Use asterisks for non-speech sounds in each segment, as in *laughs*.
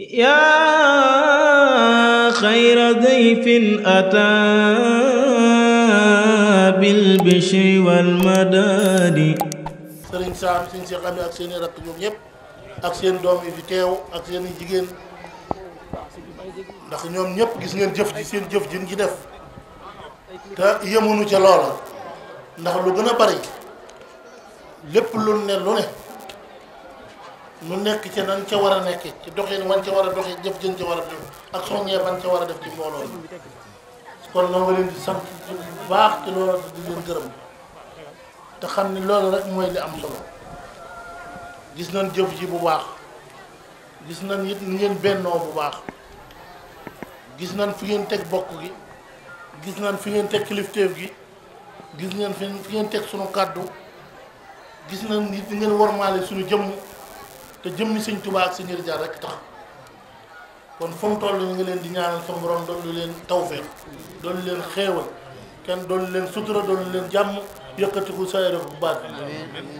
yaa xayra dayfin ataa bil bishri wal madaadi sëriñ Saam sëriñ Seex Ami ak seeni rakk ñoom ñëpp ak seen doom yi fi teew ak seen jigéen ndax ñoom ñëpp gis ngeen jëf ji seen jëf ji ñu def te yemuñu ca loola ndax lu gën a bari lépp lu ne lu ne nu nekk ca nan ca war a nekkee ci doxin wan ca war a doxee jëf jën ca war a def ak soññee ban ca war a def ci mbooloo kon noo nga leen di sant bu baax ci di leen gërëm te xam ni loolu rek mooy li am solo gis nañ jëf ji bu baax gis nañ it ni ngeen bennoo bu baax gis nañ fi ngeen teg bokk gi gis nañ fi ngeen teg kilifteef gi gis ngeen fi ngeen teg suñu kàddu gis nañ nit ngeen warmaale suñu jëmm te jëmmi sëñ tubaa ak sëñ Rijaal rek tax kon fu mu ñu ngi leen di ñaanal sa borom leen tawfeex doon leen xéewal kenn doon leen sutura doon leen jàmm yëkkatiku saa bu baax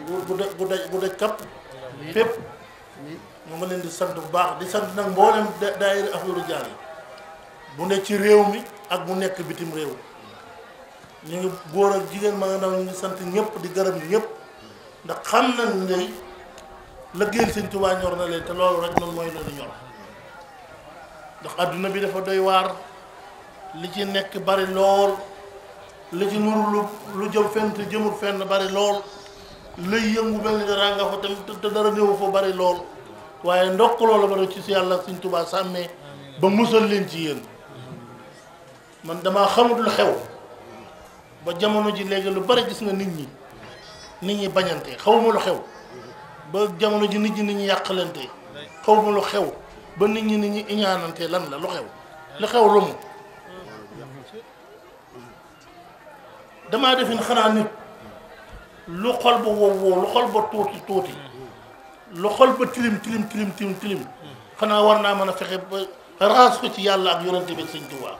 bu bu daj bu daj bu daj kapp fépp leen di sant bu baax di sant nag mboolem daayira Ahlu Rijaal yi bu nekk ci réew mi ak bu nekk bitim réew ñu ngi góor ak jigéen ma nga ndaw ñu ngi sant ñëpp di garab ñëpp ndax xam nañ ne. lëggeel sëñ Tuubaa ñor na leen te loolu rek noonu mooy loolu ñor ndax àdduna bi dafa doy waar li ci nekk bari lool li ci nuru lu lu jëm fenn te jëmul fenn bari lool lay yëngu mel ni dara nga fa te dara néew fa bari lool waaye ndokk loola ba doon ci si yàlla sëñ Tuubaa sàmmee ba musal leen ci yéen man damaa xamut lu xew ba jamono ji léegi lu bari gis nga nit ñi nit ñi bañante xawma lu xew ba jamono ji nit ñi nit ñi yàqalante xaw ma lu xew ba nit ñi nit ñi iñaanante lan la lu xew lu xew lu mu damaa defin xanaa nit lu xol ba wow wow lu xol ba tuuti tuuti lu xol ba tilim tilim tilim tilim xanaa war naa mën a fexe ba ko ci yàlla ak yonante bi sëñ Tuubaa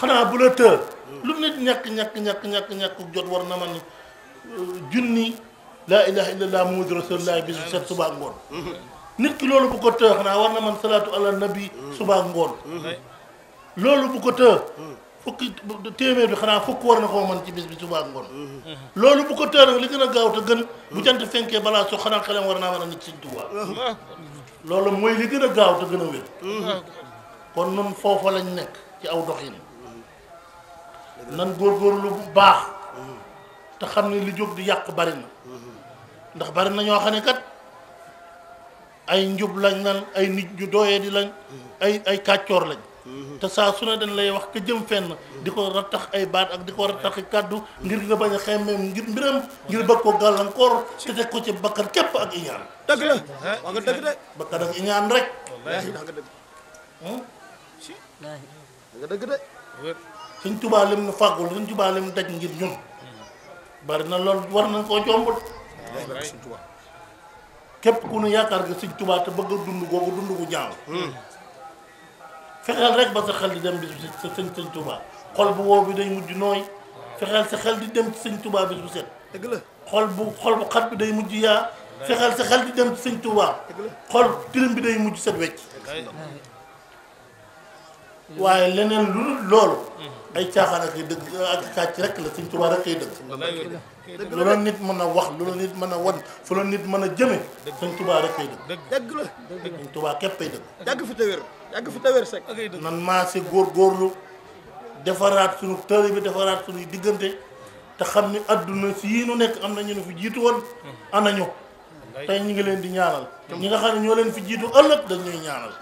xanaa bu la tër lu nit ñàkk ñàkk ñàkk ñàkk jot war na man junni laa ilaha illallah muhammadu rasulullah bi su set suba ngoon nit ki loolu bu ko tëë xanaa war na man salaatu ala nabi suba ak ngoon loolu bu ko tëë fukki téeméer bi xanaa fukk war na koo man ci bis bi suba ak ngoon loolu bu ko tëë nag li gën a gaaw te gën bu jant fenkee balaa so xanaa xelam war naa mën a nit si Tuubaa loolu mooy li gën a gaaw te gën a wér kon nun foofa lañ nekk ci aw doxin nan góorgóorlu bu baax te xam ne li jóg di yàq bari ndax bari na ñoo xam ne kat ay njub lañ lan ay nit ñu dooyee di lañ ay kàccoor lañ te saa su ne dañ lay wax ka jëm fenn di ko rattax ay baat ak di ko rattaxi kàddu ngir nga bañ a xemmeem ngir mbiram ngir bëgg ko gàllankoor te teg ko ci bakkan képp ak iñaan dëgg la waa nga dëgg de bakkan ak iñaan rek hmm? nga dëgg de suñ tubaalim fàggul suñ tubaalim daj ngir ñun bari na loolu war nañ koo jombut képp ku nu yaakaar nga sëñ tubaa te bëgg a dund googu dund gu ñaaw hmm. fexeel rek ba sa xel di dem bis sëñ sëñ Tuubaa bu wow day mujj nooy fexeel sa xel di dem ci sëñ Tuubaa bis bu set dëgg la xol bu xol bu xat bi day mujj yaa fexeel sa xel di dem sëñ Tuubaa xol tilim bi day mujj set wecc waaye leneen lu loolu hmm. ay caaxaan ak dëgg ak kàcc rek la suñ tubaab rek kay dëgg lu la nit mën a wax lu la nit mën a wan fu la nit mën a jëme suñ tubaab rek kay dëgg dëgg la suñ tubaab képp kay dëgg yàgg fi tawér yàgg fi tawér sek nan maa si góorgóorlu defaraat suñu tëri bi defaraat suñuy diggante te xam ni adduna si yii nu nekk am na ñu ne fi jiitu woon anañu tey ñu ngi leen di ñaanal ñi nga xam ne ñoo leen fi jiitu ëllëg dañ ñuy ñaanal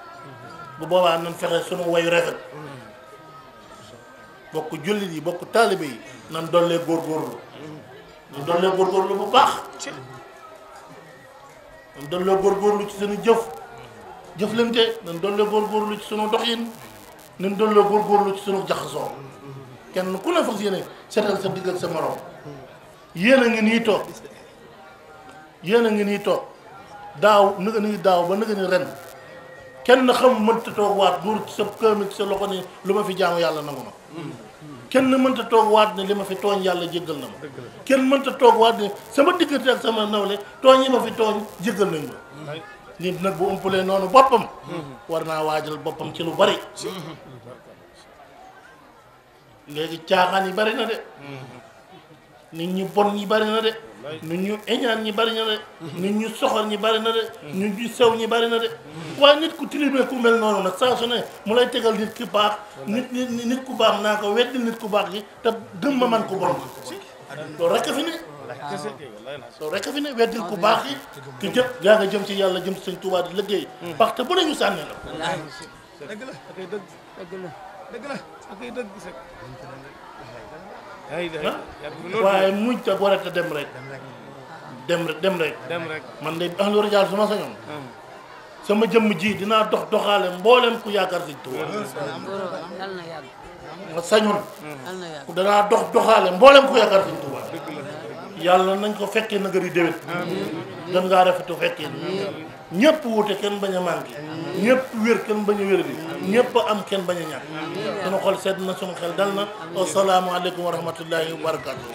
bu boobaa nan fexe suñu wayu rafet bokk jullit yi bokk taalibe yi nan dollee góorgóorlu nan dollee góorgóorlu bu baax nan dollee góorgóorlu ci sunu jëf jëflante nan dollee góorgóorlu ci sunu doxin nan dollee góorlu ci sunu jaxasoo kenn ku ne fas yéene seetal sa digg ak sa morom yéen a ngi nii toog yéen ngi nii toog daaw nëga ni daaw ba nëga ni ren kenn xam mënta toog waat buur sa këmig sa loxo ne lu ma fi jaamu yàlla nangu na kenn mënta toog waat ne li ma fi tooñ yàlla jéggal na ma kenn mënta toog waat ne sama diggante ak sama nawle tooñ yi ma fi tooñ jéggal nañ ma nit nag bu ëmpalee noonu boppam war naa waajal boppam ci lu bari léegi caaxaan yi bari na de nit ñu bon ñi bari na de nit ñu eñaan ñi bari na de *laughs* nit ñu soxor ñi bari na de mm. nit ñu sew ñi bari na de waaye nit ku tilimee ku mel noonu nag saa su ne mu lay tegal nit ki baax nit nit nit ku baax naa ko weddi nit ku baax gi te dëm ma man ko bon loolu rekk fi ne loolu rekk fi ne weddil ku baax yi ki jëm yaa nga jëm ci yàlla jëm ci Sëñ Tuubaa di te hmm. bu ne ñu sànni la dëgg la akay dëgg dëgg la dëgg la akay dëgg sax waaye muñ te gore te dem rek dem rek dem rek man de ahlu rijaal su ma sañoon hmm. sama jëmm jii dinaa dox doxaale mboolem ku yaakaar sëñ Tuubaa. danaa dox doxaale mboolem ku yaakaar yàlla nañ ko fekkee na nga di déwén. gën ngaa rafetu fekkee. ñëpp wute kenn bañ a manqué. ñëpp wér kenn bañ a wér bi. ñëpp am kenn bañ a ñàkk. sunu xol sedd na sunu xel dal na. asalaamaaleykum wa rahmatullahi wa barakaatu.